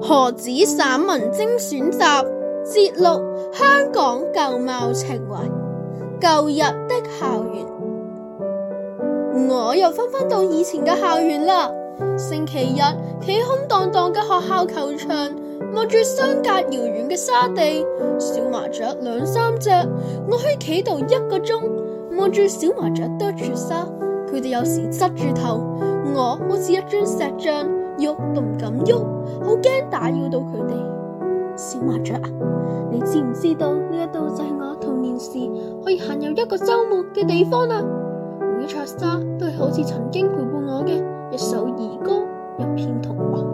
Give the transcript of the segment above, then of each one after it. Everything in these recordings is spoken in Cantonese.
何紫散文精選集節錄，香港舊貌情懷，舊日的校園。我又返返到以前嘅校園啦。星期日企空蕩蕩嘅學校球場，望住相隔遙遠嘅沙地，小麻雀兩三隻，我可以企度一個鐘，望住小麻雀啄住沙，佢哋有時側住頭。。我好似一張石像，喐都唔敢喐，好驚打擾到佢哋。小麻雀啊，你知唔知道呢一度就係我童年時可以行遊一個周末嘅地方啦啊？每撮沙都係好似曾經陪伴我嘅一首兒歌，一篇童話。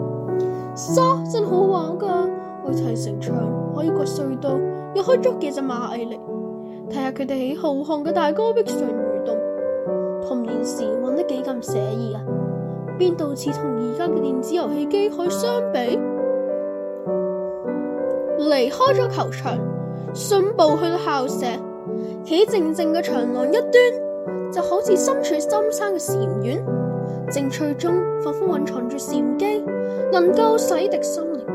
沙、so, 真好玩㗎，可以砌成牆，可以掘隧道，又可以捉幾隻螞蟻嚟，睇下佢哋喺浩瀚嘅大戈壁上蠕動。童年時玩得幾咁寫意啊！邊度似同而家嘅電子遊戲機可以相比？離開咗球場，信步去到校舍，企靜靜嘅長廊一端，就好似身處深山嘅禪院，靜趣中仿佛蘊藏住禪機，能夠洗滌心靈。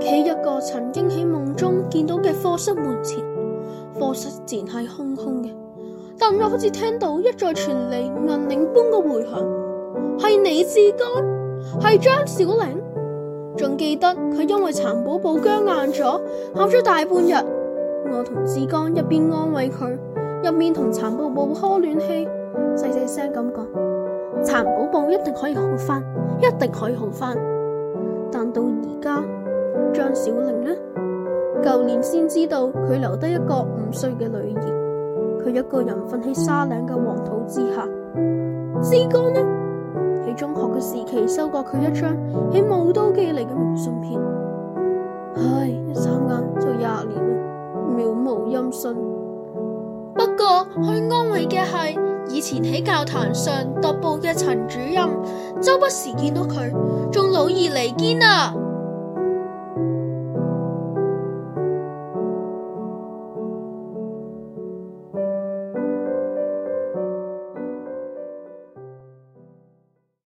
企一個曾經喺夢中見到嘅課室門前，課室前係空空嘅，但我好似聽到一再傳嚟暗鈴。李志剛係張小玲，仲記得佢因為蠶寶寶僵硬咗，喊咗大半日。我同志剛一邊安慰佢，一邊同蠶寶寶呵暖氣，細細聲咁講：蠶寶寶一定可以好翻，一定可以好翻。但到而家，張小玲呢？舊年先知道佢留低一個五歲嘅女兒，佢一個人瞓喺沙嶺嘅黃土之下。志剛呢？中學嘅時期，收過佢一張喺武都寄嚟嘅明信片。唉，一眨眼就廿年啦，渺無音訊。不過，可安慰嘅係，以前喺教壇上踱步嘅陳主任，周不時見到佢，仲老而彌堅啊！